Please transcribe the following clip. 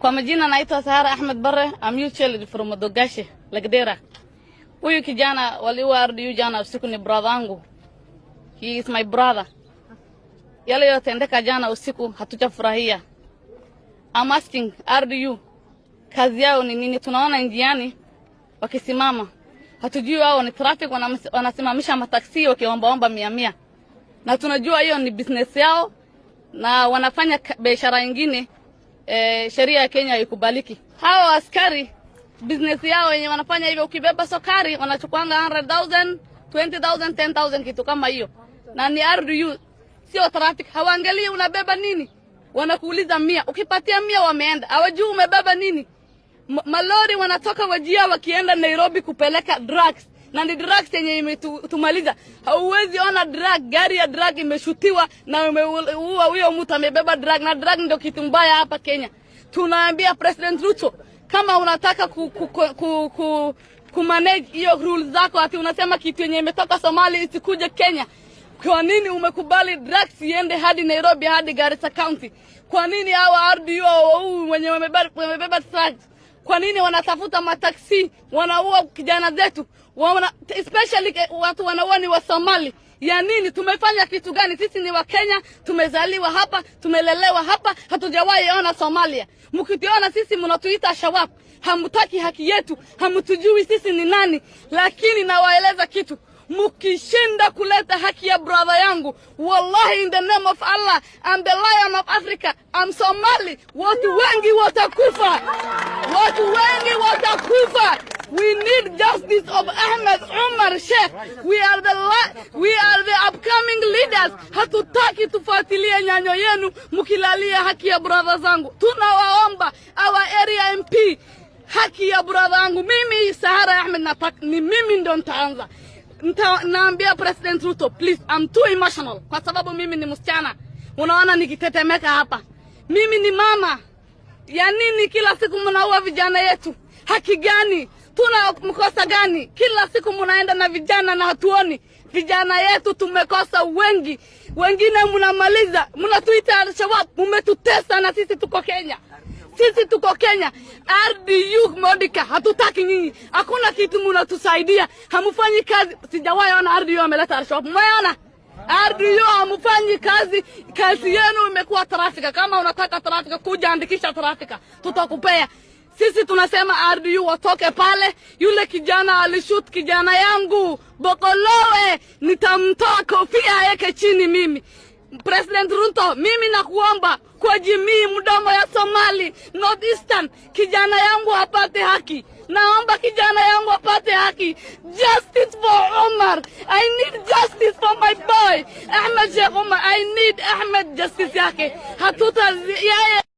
Kwa majina naitwa Sahara Ahmed Barre, I'm usually from Madogashe, Lagdera. Huyu kijana waliwa RDU jana usiku ni brother wangu. He is my brother. Yale yotendeka jana usiku hatujafurahia. I'm asking RDU kazi yao ni nini? Tunaona njiani wakisimama. Hatujui wao ni traffic wanasimamisha mataksi wakiombaomba mia mia. Na tunajua hiyo ni business yao na wanafanya biashara nyingine e, sheria ya Kenya haikubaliki. Hawa askari business yao wenye wanafanya hivyo, ukibeba sokari wanachukuanga 100,000, 20,000, 10,000 kitu kama hiyo, na ni RDU sio traffic. Hawaangalii unabeba nini, wanakuuliza mia. Ukipatia mia wameenda, hawajui umebeba nini. M malori wanatoka Wajia wakienda Nairobi kupeleka drugs na ni drug yenye imetumaliza. Hauwezi ona drug, gari ya drug imeshutiwa na umeua huyo mtu amebeba drug, na drug ndio kitu mbaya hapa Kenya. Tunaambia President Ruto, kama unataka ku, ku, ku, ku, ku, ku manage hiyo rules zako, ati unasema kitu yenye imetoka Somalia isikuje Kenya. Kwa nini umekubali drugs iende hadi Nairobi hadi Garissa County? Kwa nini hawa RDU wao wenye wamebeba wamebeba drugs kwa nini wanatafuta mataksi, wanaua kijana zetu wana, especially watu wanaua ni wa Somali ya nini? Tumefanya kitu gani? Sisi ni Wakenya, tumezaliwa hapa, tumelelewa hapa, hatujawahi ona Somalia. Mkituona sisi mnatuita Shawab, hamtaki haki yetu, hamtujui sisi ni nani. Lakini nawaeleza kitu, mkishinda kuleta haki ya brother yangu, wallahi, in the name of Allah, I'm the lion of Africa, I'm Somali, watu wengi watakufa watu wengi watakufa. We need justice of Ahmed Omar Sheikh. We are the la we are the upcoming leaders. Hatutaki tufuatilie nyanyo yenu mkilalia haki ya brother zangu. Tunawaomba our area MP haki ya brother wangu. mimi Sahara Ahmed nataka ni mimi ndo nitaanza Nta, naambia President Ruto please, I'm too emotional kwa sababu mimi ni msichana, unaona nikitetemeka hapa. Mimi ni mama ya nini? Kila siku mnaua vijana yetu, haki gani? Tuna mkosa gani? Kila siku mnaenda na vijana na hatuoni vijana yetu. Tumekosa wengi, wengine mnamaliza, mnatuita Alshabab, mmetutesa na sisi tuko Kenya sisi tuko Kenya, RDU Modika, hatutaki nyinyi, hakuna kitu munatusaidia, hamufanyi kazi. Sijawahi ona RDU ameleta Alshabab, mmeona? ardhi hiyo hamfanyi kazi, kazi yenu imekuwa trafika. Kama unataka trafika, kuja andikisha trafika, tutakupea sisi tunasema RDU watoke pale. Yule kijana alishut kijana yangu Bokolowe, nitamtoa kofia yake chini. Mimi President Ruto, mimi nakuomba kwa jimii mdomo ya Somali North Eastern, kijana yangu apate haki. Naomba kijana yangu apate haki. Justice for Omar. I need justice for my boy. Ahmed Sheikh Omar. I need Ahmed justice yake. Hatuta yeye